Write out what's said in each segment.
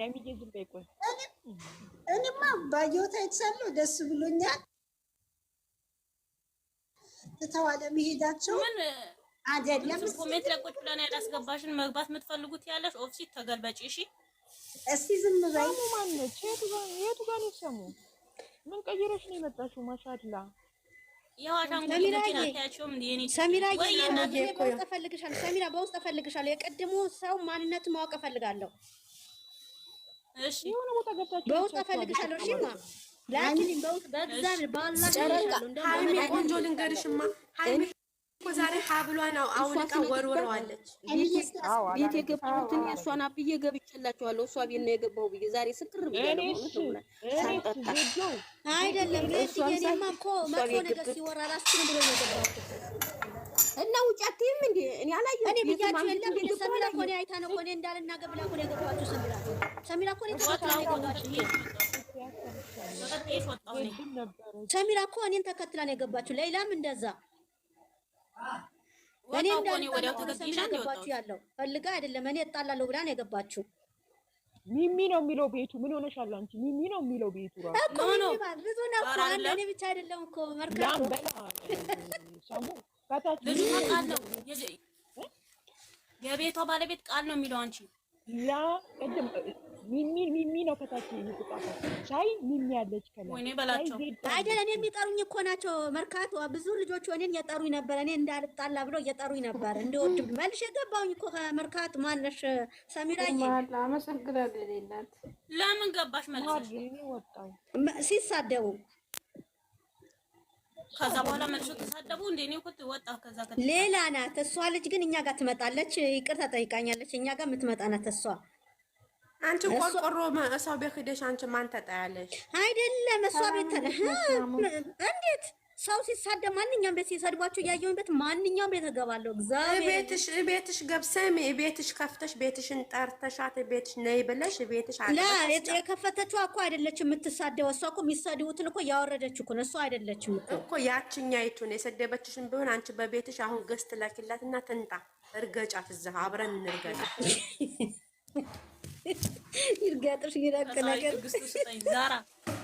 ለሚዬ ዝም በይ ቆይ። እኔማ ባየሁት አይተሻለሁ፣ ደስ ብሎኛል። ትተዋ ለመሄዳቸው አይደለም ኮሜንት ላይ ቁጭ ብለን ያላስገባሽን መግባት የምትፈልጉት ያለሽ ኦፍሲት ተገልበጪ። እሺ እስቲ ዝም በይ። ማነች? የቱ ጋር ነው ሰሙ? ምን ቀይረሽ ነው የመጣሽው? ማሻላ ያው በውስጥ እፈልግሻለሁ ሰሚራ፣ በውስጥ እፈልግሻለሁ። የቀድሞ ሰው ማንነት ማወቅ እፈልጋለሁ። እሺ የሆነ ቦታ ገብታችሁ በውጣ ፈልግሻለሁ። እሺማ ላኪልኝ በውጥ በእግዚአብሔር ባላሽ ሀይሚ ቆንጆ ልንገርሽማ ሀይሚ እኮ ዛሬ ሀብሏ ነው አሁን ወርወረዋለች። ቤት የገባሁትን የእሷን አብዬ ገብቼላችኋለሁ። እሷ ቤት ነው የገባሁ ብዬ ዛሬ ስክር ብያለሁ። አይደለም እሷ ቤት ገብቶ ነገር ሲወራ ራሱ ብሎ ነው የገባሁት እና ውጭ አትይም እንዴ? እኔ አላየሁም። እኔ ብያችሁ የለም ሰሚራ እኮ እኔ አይታ ነው እኮ እኔ እንዳልናገር ብላ እኮ ነው የገባችሁ። ሰሚራ ሰሚራ እኮ እኔ ተከትላ ሰሚራ እኮ እኔን ተከትላ ነው የገባችሁ። ሌላም እንደዛ እኔ እንዳልሰሚራ ገባችሁ ያለው ፈልጋ አይደለም እኔ እጣላለሁ ብላ ነው የገባችሁ። ሚሚ ነው የሚለው ቤቱ። ምን ሆነሻል አንቺ? ሚሚ ነው የሚለው ቤቱ ራሱ እኮ ብዙ ነው። እኔ ብቻ አይደለም እኮ መርካቶ ልጁ ቃል ነው የቤቷ ባለቤት ቃል ነው የሚለው። አንቺ ላ ቅድም ሚሚ ሚሚ ነው ከታች የሚጥቃታ ሻይ ሚሚ ያለች አይደል? እኔ የሚጠሩኝ እኮ ናቸው። መርካቶ ብዙ ልጆች እኔን እየጠሩኝ ነበር። እኔ እንዳልጣላ ብለው እየጠሩኝ ነበር። እንደወድ መልሼ ገባሁኝ እኮ ከመርካቶ ማነሽ ሰሚራዬ፣ ለምን ገባሽ መልሼ? ሲሳደቡ ከዛ በኋላ መልሼ ተሳደ ሌላ ናት እሷ ልጅ ግን እኛ ጋር ትመጣለች። ይቅርታ ጠይቃኛለች። እኛ ጋር የምትመጣ ናት እሷ። አንቺ ቆርቆሮ ሰው ቤት ሂደሽ አንቺ ማን ተጣያለሽ? አይደለም እሷ ቤት እንዴት ሰው ሲሳደብ ማንኛውም ቤት ሲሰድቧቸው ቤት ማንኛውም ቤት እገባለሁ። እግዚአብሔር ቤትሽ ገብሰም ቤትሽ ከፍተሽ ቤትሽን ጠርተሻት ቤትሽ ነይ ብለሽ ቤትሽ የከፈተችው እኮ አይደለችም የምትሳደው። እሷ እኮ የሚሳደቡትን እኮ ያወረደች እኮ እሷ አይደለችም እኮ ያችኛይቱን የሰደበችሽን ቢሆን አንቺ በቤትሽ አሁን ገስት ላኪላት እና ትንጣ እርገጫት። እዛ አብረን እንርገጫ ይርገጥሽ ይረቅ ነገር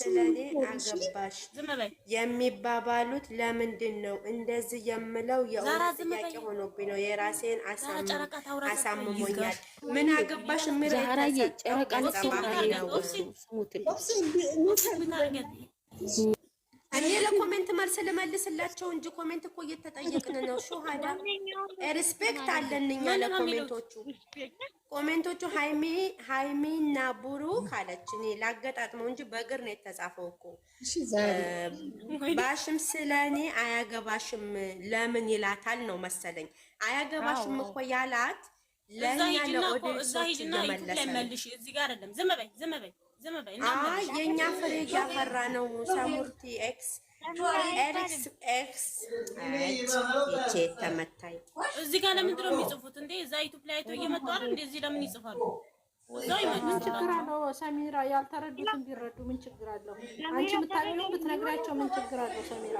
ስለኔ አገባሽ የሚባባሉት ለምንድን ነው እንደዚህ የምለው? የእውነት ጥያቄ ሆኖብኝ ነው። የራሴን አሳምሞኛል። ምን አገባሽ የሚለው ነው። እኔ ለኮሜንት መልስ ልመልስላቸው እንጂ ኮሜንት እኮ እየተጠየቅን ነው። ሹሃዳ ሪስፔክት አለን እኛ ለኮሜንቶቹ። ኮሜንቶቹ ሃይሚ ሃይሚ እና ብሩክ አለች። እኔ ላገጣጥመው እንጂ በእግር ነው የተጻፈው እኮ። ባሽም ስለ እኔ አያገባሽም ለምን ይላታል ነው መሰለኝ። አያገባሽም እኮ ያላት ለእኛ ለኦዲንሶች እየመለሰ ነው። እዚህ ጋር አይደለም። ዝም በይ ዝም በይ የእኛ ፍሬ እያፈራ ነው። ሳሙርቲ ኤክስ ኤክስ እዚህ ጋር ለምንድን ነው የሚጽፉት እንዴ? እዛ ዩቱብ ላይ አይቶ እየመጡ አይደል? እንደዚህ ለምን ይጽፋሉ? ምን ችግር አለው? ሰሚራ ያልተረዱትን ቢረዱ ምን ችግር አለው? አንቺ የምታገኘው ብትነግራቸው ምን ችግር አለው ሰሚራ?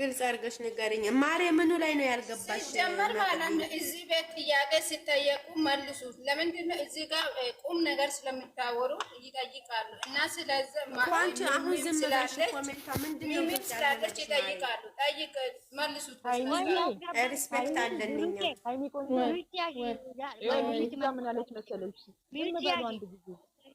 ግልጽ አድርገሽ ንገሪኝ ማሬ፣ ምኑ ላይ ነው ያልገባሽ? ጀመር ማለት ነው እዚህ ቤት ጥያቄ ሲጠየቁ መልሱ። ለምንድን ነው እዚህ ጋር ቁም ነገር ስለምታወሩ ይጠይቃሉ። እና ስለዚህ ማንቺ አሁን ዝም ብለሽ ኮሜንታ ምንድን ነው ስላለች ይጠይቃሉ። ጠይቅ መልሱት። ሪስፔክት አለንኛ ምን አለች መሰለች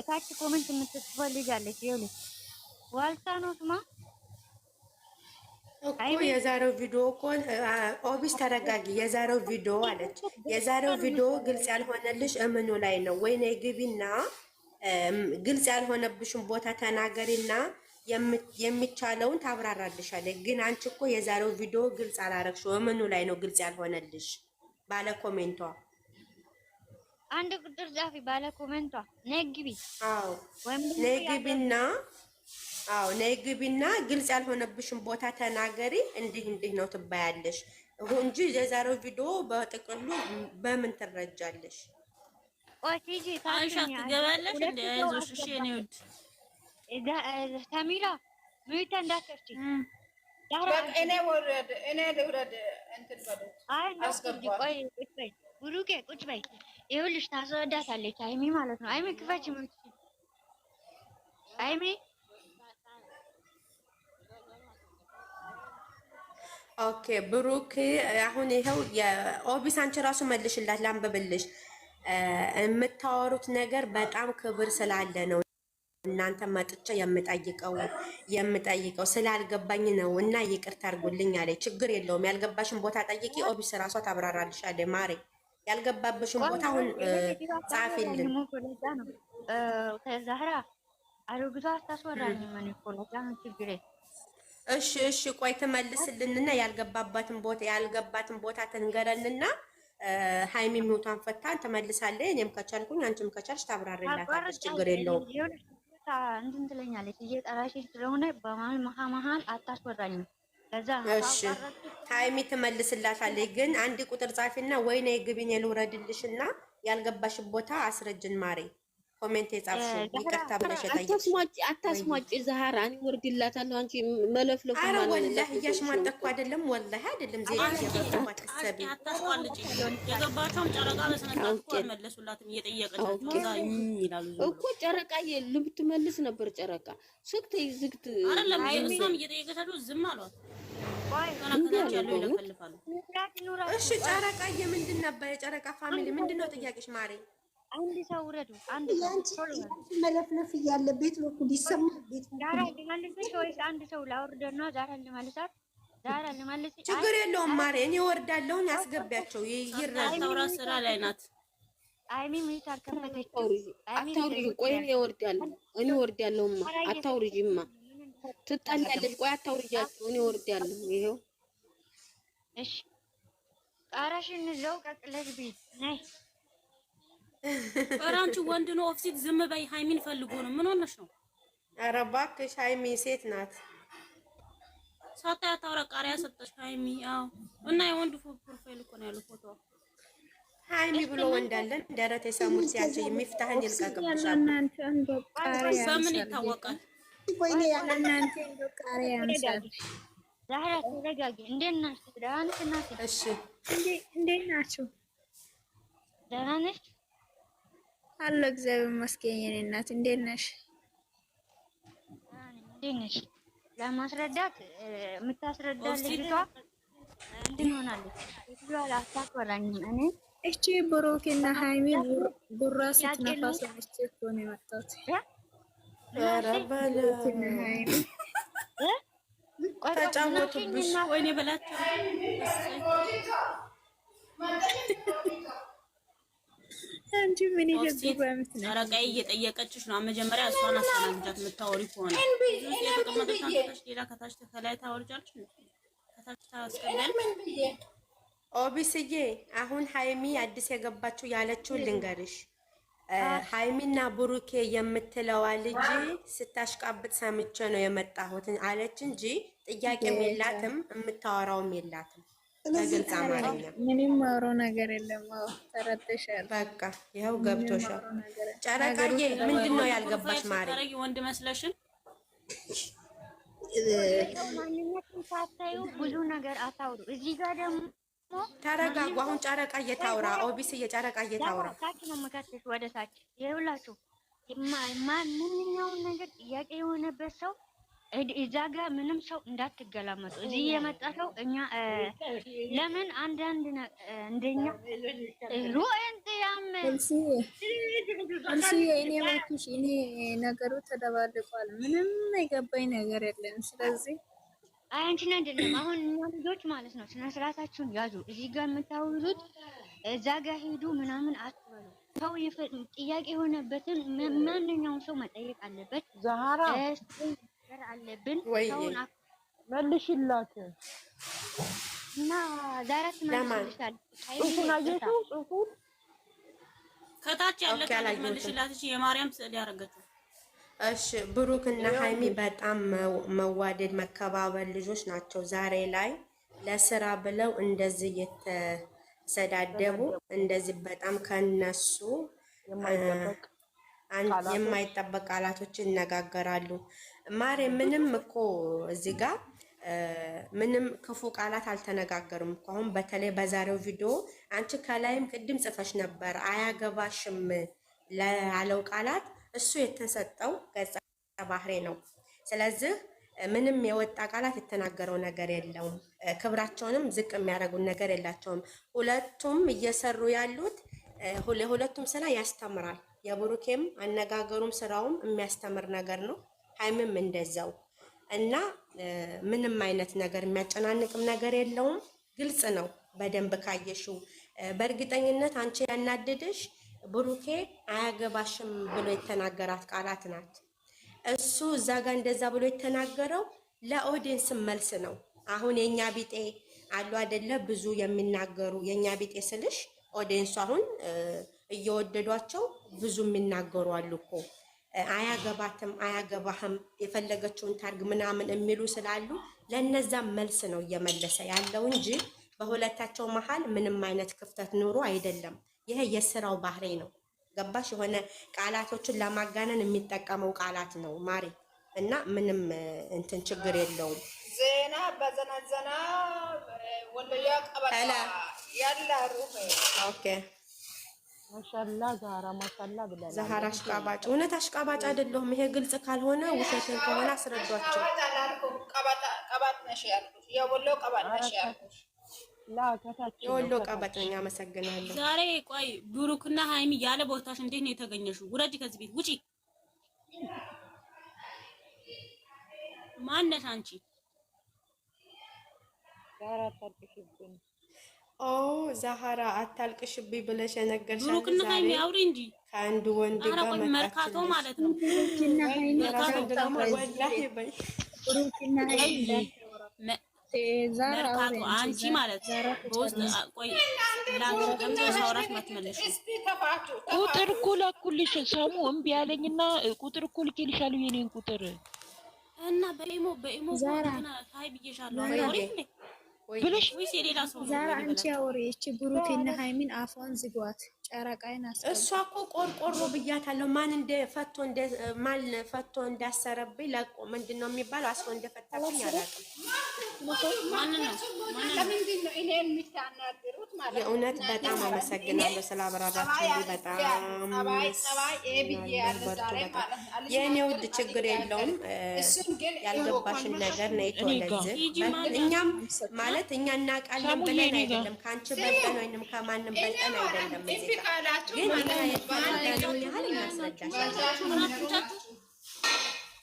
እታች ኮሜንት የምትጽፈው ልጅ ዋልታ ነው ስማ እኮ የዛሬው ቪዲዮ እኮ ኦቢስ ተረጋጊ። የዛሬው ቪዲዮ አለች። የዛሬው ቪዲዮ ግልጽ ያልሆነልሽ እምኑ ላይ ነው? ወይኔ ግቢና ግልጽ ያልሆነብሽን ቦታ ተናገሪና የሚቻለውን ታብራራልሻለች። ግን አንቺ እኮ የዛሬው ቪዲዮ ግልጽ አላረግሽው። እምኑ ላይ ነው ግልጽ ያልሆነልሽ? ባለ ኮሜንቷ አንድ ቁጥር ጻፊ ባለ ኮሜንቷ ነግቢ። አዎ ነግቢና አዎ ነግቢና ግልጽ ያልሆነብሽን ቦታ ተናገሪ። እንዲህ እንዲህ ነው ትባያለሽ እንጂ የዛሬው ቪዲዮ በጥቅሉ በምን ትረጃለሽ? ኦቲጂ ታንሻ ትገባለሽ። አይዞሽ እሺ፣ እኔ ውድ እዛ ምይታ ብሩኬ፣ ቁጭ በይ ይኸውልሽ ታስወዳታለች አይሚ ማለት ነው። አይሚ ክፈች ምን አይሚ ኦኬ ብሩክ፣ አሁን ይኸው የኦቢስ አንቺ ራሱ መልሽላት ላንብብልሽ። የምታወሩት ነገር በጣም ክብር ስላለ ነው እናንተ መጥቼ የምጠይቀው የምጠይቀው ስላልገባኝ ነው እና ይቅርታ አድርጉልኝ አለ። ችግር የለውም ያልገባሽን ቦታ ጠይቂ። ኦቢስ ራሷ ታብራራልሻለች ማሬ ያልገባበሽን ቦታ አሁን ጻፊልን። ከዛህራ አሮጊቷ አታስወራኝ። ምን እኮ ነው ችግሬ። እሺ እሺ፣ ቆይ ትመልስልንና ያልገባባትን ቦታ ያልገባትን ቦታ ትንገረልና ሀይሚ ሚውቷን ፈታን ትመልሳለች። እኔም ከቻልኩኝ አንቺም ከቻልሽ ታብራሪላታለሽ። ችግር የለውም። እንትን ትለኛለች እየጠራሽኝ ስለሆነ በመሀል መሀል አታስወራኝም ታይሚ ትመልስላታለች። ግን አንድ ቁጥር ጻፊና ወይኔ ግቢኝ ልውረድልሽና ያልገባሽ ቦታ አስረጅን ማሬ ኮሜንት የጻፍሽ ይቅርታ ብለሽ አታስሟጭ። ዛህራ እኔ ወርድላታለሁ። አንቺ መለፍለፍ ኧረ ወላሂ እያሽሟጠኩ አይደለም፣ ወላሂ አይደለም። ጨረቃ በስነስርዓት ይላሉ እኮ ጨረቃ ልብትመልስ ነበር። ጨረቃ ስክት ዝግት አይደለም። ዝም አሏት። እሺ ጨረቃዬ፣ ምንድን ነበር የጨረቃ ፋሚሊ ምንድን ነው ጥያቄሽ ማሬ? አንድ ሰው ውረዱ። አንድ ሰው መለፍለፍ እያለ ቤት በኩል ይሰማል። ቤት ዛራ ልመልስሽ ወይስ አንድ ሰው ላውርደና ዛራ ልመልሳት? ዛራ ልመልስ። ችግር የለውም ማሪ፣ እኔ ወርዳለሁኝ። አስገቢያቸው። ይራራ ስራ ላይ ናት። አይሚ ሚት አልከፈተች። አታውሪ። ቆይ እኔ ወርዳለሁ። እኔ ወርዳለሁማ። አታውሪጂማ። ትጣላለች። ቆይ አታውሪጃቸው። እኔ ወርዳለሁ። ይሄው እሺ። ጣራሽን ዘው ቀቅለሽ ቤት ነይ ኧረ አንቺ ወንድ ነው ኦፍሲት ዝም በይ። ሀይሚን ፈልጎ ነው። ምን ሆነሽ ነው? ኧረ እባክሽ ሀይሚ ሴት ናት። ሳታያት ያታውራ ቃሪያ ሰጠሽ ሀይሚ። አዎ እና የወንድ ፕሮፋይል እኮ ነው ያለው ፎቶ ሀይሚ ብሎ ወንድ አለን ደረት የሰሙት ሲያቸው የሚፍታህን ይልቀቅብሻ። በምን ይታወቃል? እንዴት ናችሁ? ደህና ነሽ? አሎ እግዚአብሔር ይመስገን። የኔ እናት እንዴት ነሽ? እንዴት ነሽ? ለማስረዳት የምታስረዳ ልጅቷ እንትን ሆናለች። ልጅቷ ላታቆላኝ እኔ እቺ ብሩክና ሃይሚ ጉራ ስትነፋስ ነች እኮ ነው የመጣሁት። ተጫወቱብሽ ወይኔ በላቸው አንቺ ምን ረቃዬ እየጠየቀችሽ ነው። መጀመሪያ እሷን አስተናግጃት። የምታወሪው ከሆነ ሌላ ከታች ከላይ ኦቢስዬ አሁን ሀይሚ አዲስ የገባችው ያለችውን ልንገርሽ። ሀይሚና ብሩኬ የምትለዋ ልጅ ስታሽቃብጥ ሰምቼ ነው የመጣሁት አለች እንጂ ጥያቄም የላትም የምታወራውም የላትም። በግልጽ አማርኛ ምንም ማውሮ ነገር የለም። ተረተሻል። በቃ ይኸው ገብቶሻል። ጨረቃዬ ምንድን ነው ያልገባሽ? ማሪ ወንድ መስለሽን ማንነትን ሳታዩ ብዙ ነገር አታውሩ። እዚህ ጋር ደግሞ ተረጋጉ። አሁን ጨረቃ እየታውራ ኦቢስ እየጨረቃ እየታውራ ታች ነው መካተት ወደ ታች ይኸውላችሁ ማንኛውም ነገር ጥያቄ የሆነበት ሰው እዛ ጋ ምንም ሰው እንዳትገላመጡ። እዚህ የመጣ ሰው እኛ ለምን አንዳንድ እንደኛ ሩእን እኔ እኔ ነገሩ ተደባልቋል። ምንም የገባኝ ነገር የለም። ስለዚህ አንቺን አይደለም አሁን እኛ ልጆች ማለት ነው ስነ ስርዓታችሁን ያዙ። እዚህ ጋር የምታውዙት እዛ ጋር ሄዱ ምናምን አትበሉ። ሰው ጥያቄ የሆነበትን ማንኛውም ሰው መጠየቅ አለበት። ነገር አለብን። መልሽላት እና ዛሬ ትመልሽልሻል። ከታች መልሽላት። እሺ የማርያም ስዕል እሺ ብሩክ እና ሃይሚ በጣም መዋደድ መከባበር ልጆች ናቸው። ዛሬ ላይ ለስራ ብለው እንደዚህ እየተሰዳደቡ እንደዚህ በጣም ከነሱ የማይጠበቅ ቃላቶች ይነጋገራሉ። ማሬ ምንም እኮ እዚህ ጋር ምንም ክፉ ቃላት አልተነጋገሩም እኮ አሁን በተለይ በዛሬው ቪዲዮ አንቺ ከላይም ቅድም ጽፈሽ ነበር አያገባሽም ላለው ቃላት እሱ የተሰጠው ገጸ ባህሬ ነው። ስለዚህ ምንም የወጣ ቃላት የተናገረው ነገር የለውም። ክብራቸውንም ዝቅ የሚያደርጉን ነገር የላቸውም። ሁለቱም እየሰሩ ያሉት ለሁለቱም ስራ ያስተምራል። የብሩኬም አነጋገሩም ስራውም የሚያስተምር ነገር ነው። ሀይምም እንደዛው እና ምንም አይነት ነገር የሚያጨናንቅም ነገር የለውም። ግልጽ ነው በደንብ ካየሽው። በእርግጠኝነት አንቺ ያናደደሽ ብሩኬ አያገባሽም ብሎ የተናገራት ቃላት ናት። እሱ እዛ ጋር እንደዛ ብሎ የተናገረው ለኦዲንስ መልስ ነው። አሁን የእኛ ቢጤ አሉ አደለ ብዙ የሚናገሩ የእኛ ቢጤ ስልሽ ኦዲንሱ አሁን እየወደዷቸው ብዙ የሚናገሩ አሉ እኮ አያገባትም፣ አያገባህም፣ የፈለገችውን ታርግ ምናምን የሚሉ ስላሉ ለነዛ መልስ ነው እየመለሰ ያለው እንጂ በሁለታቸው መሀል ምንም አይነት ክፍተት ኑሮ አይደለም። ይሄ የስራው ባህሪ ነው። ገባሽ? የሆነ ቃላቶችን ለማጋነን የሚጠቀመው ቃላት ነው ማሪ እና ምንም እንትን ችግር የለውም። ዜና በዘናዘና ወንደያ ቀበላ ያላ ኦኬ ዛህራ አሽቃባጭ፣ እውነት አሽቃባጭ አይደለሁም። ይሄ ግልጽ ካልሆነ ውሸትን ከሆነ አስረዷቸው። የወሎ ቀበጥ ነኝ። አመሰግናለሁ። ዛሬ ቆይ ብሩክና ሀይሚ ያለ ቦታሽ እንዴት ነው የተገኘሽው? ውረጅ ከዚህ ቤት ውጪ። ማነሽ አንቺ? ኦ ዛሃራ አታልቅሽብኝ ብለሽ የነገርሻት ብሩክና ሃይሚ አውሪ እንጂ ከአንድ ወንድ ጋር መርካቶ ማለት ነው። መርካቶ አንቺ ማለት ቁጥር እኮ ላኩልሽ። ሰሙ እምቢ አለኝና ቁጥር እኮ ልኬልሻለሁ የኔን ቁጥር እና በኢሞ በኢሞ ዛራ ብዬሻለሁ ብለሽ ዛሬ አንቺ አውሪ። እቺ ብሩኬና ሃይሚን አፏን ዝጓት፣ ጨረቃይን አስቀምጥ። እሷ እኮ ቆርቆሮ ብያታለሁ። ማን እንደ ፈቶ እንደ ማን ፈቶ እንዳሰረብኝ ለቆ ምንድነው የሚባለው አስሮ እንደፈታብኝ አላውቅም። የእውነት በጣም አመሰግናለሁ ስላብራራችሁ። በጣም የእኔ ውድ ችግር የለውም። ያልገባሽን ነገር ነይ ተወለጅ። እኛም ማለት እኛ እናውቃለን ብለን አይደለም፣ ከአንቺ በልጠን ወይንም ከማንም በልጠን አይደለም። ግን ያለው ያህል እናስረዳሽ።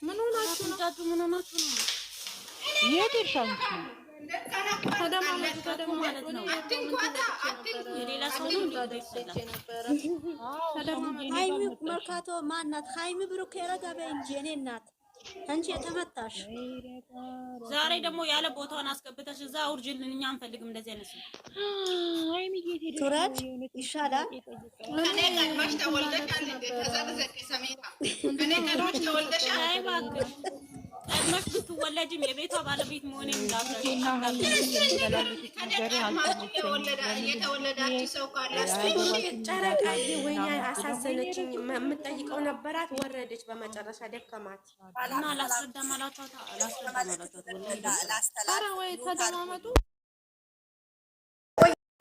ምን ሆናችሁ ነው? የት ይርሻል ነው መርካቶ ማናት? ሀይሚ ብሩክ የረጋበ እንጂ እኔ እናት አንቺ የተመታሽ ዛሬ ደግሞ ያለ ቦታውን አስገብተሽ እዛ አውርጅልን። እኛ አንፈልግም እንደዚህ አይነት ቱረት ይሻላል። እኔ ተወልደሻል። ቀድመሽ ብትወለጅም የቤቷ ባለቤት መሆን ጨረቃዬ ወይኔ አሳዘነችኝ። የምጠይቀው ነበራት ወረደች። በመጨረሻ ደከማት እና ላስረዳ ማላቸው ላስረዳ ማላቸው ተደማመጡ